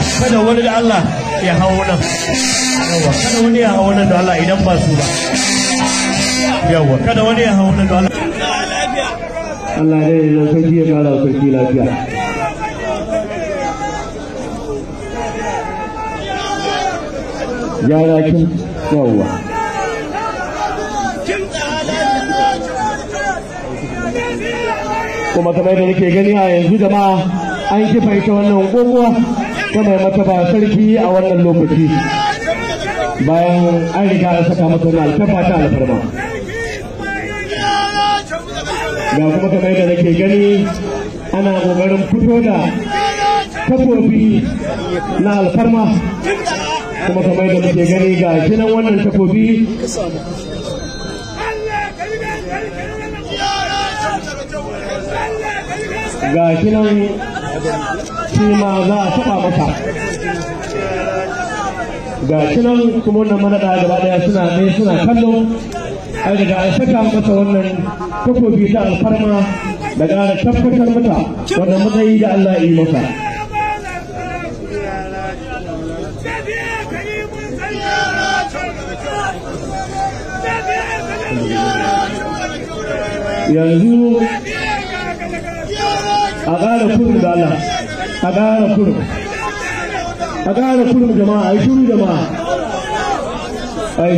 kada wani da Allah ya hawo nan yawa kada wani ya hawo nan da Allah idan ba su ba yawa kada wani ya hawo nan da Allah Allah ne ya sarki ya kara sarki lafiya yara kin yawa kuma kamar da nake gani a yanzu jama'a an kifa ita wannan kokowa ta mai ba sarki a wannan lokaci bayan an riga an saka mata wani alfafa ta alfarma ga kuma kamar da nake gani ana ƙoƙarin fito da takobi na alfarma kuma kamar da muke gani ga kinan wannan takobi ga kinan shi ma za a taɓa maka ga shi kuma wannan manaɗa gaba ɗaya suna ne suna kallo ai daga an saka masa wannan takobi ta alfarma da gara tabbatar mata wannan yi da Allah yi masa. yanzu a ƙara kudu da Allah a kurum a kurum jama'a shuru jama'a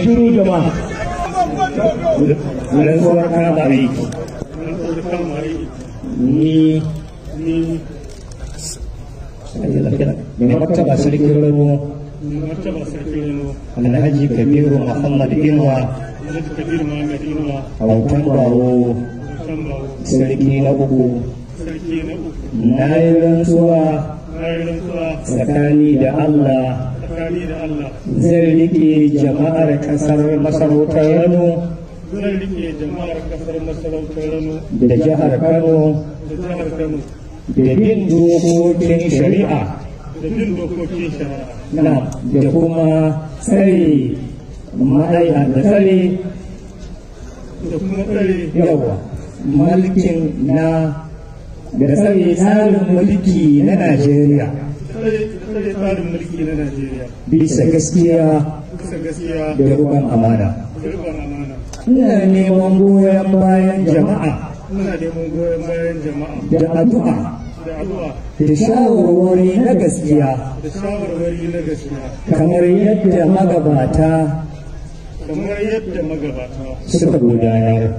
shuru jama'a ni ni alhaji kabiru muhammad inuwa a sarki na uku na yi rantsuwa tsakani da Allah zai rike jama'ar kasar masarautar Rano da jihar Kano da bin dokokin shari'a da kuma tsare ma'aikata da kuma tsari yawa mulkin na da tsare tsarin mulki na Najeriya. Bisa gaskiya da rukun amana. Ina neman goyon bayan jama'a. Da addu'a. Da shawarwari na gaskiya. Kamar yadda magabata kamar yadda magabata suka gudanar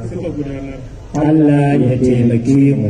Allah ya taimake mu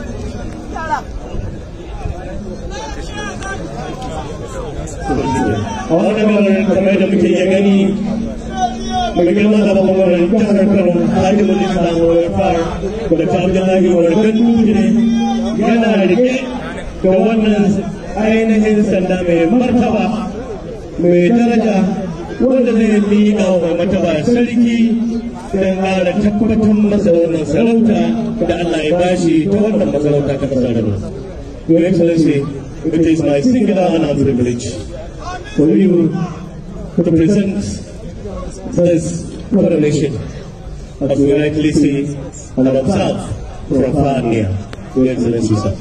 a da muke iya gani mai girma da bangaren jihar kano ta yana rike da wannan ainihin sanda mai martaba mai daraja wanda zai mataba sarki don ƙara tabbatar masa sarauta da Allah ya bashi ta wannan masarauta ta Your Excellency, It is my singular honor and privilege for you to present this coronation as we rightly see and observe from far near. Your Excellency, sir.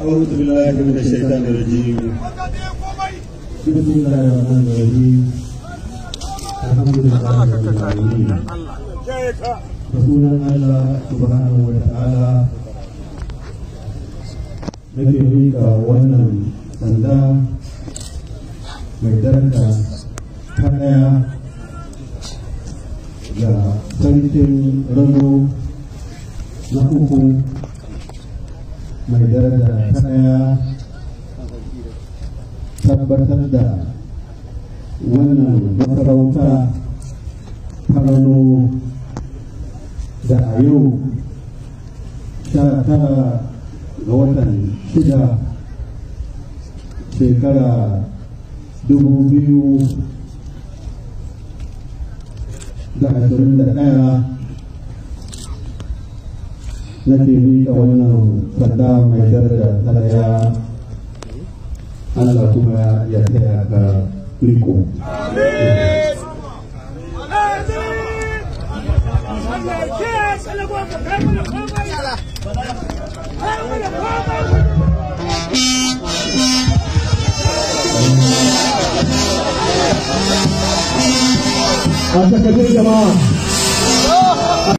أعوذ بالله من الشيطان الرجيم بسم الله الرحمن الرحيم الحمد لله رب العالمين da sunan Allah subhanahu wa ta'ala nake miƙa wannan sanda mai daraja ta ɗaya ga sarkin rano na uku mai daraja ta ɗaya tabbatar da wannan masarauta ta rano da a yau tara tara ga watan shida shekara dubu biyu da ashirin da ɗaya nake miƙa wannan sanda mai daraja ta daya Allah kuma ya taya ka riko. Hasta que llegue, mamá.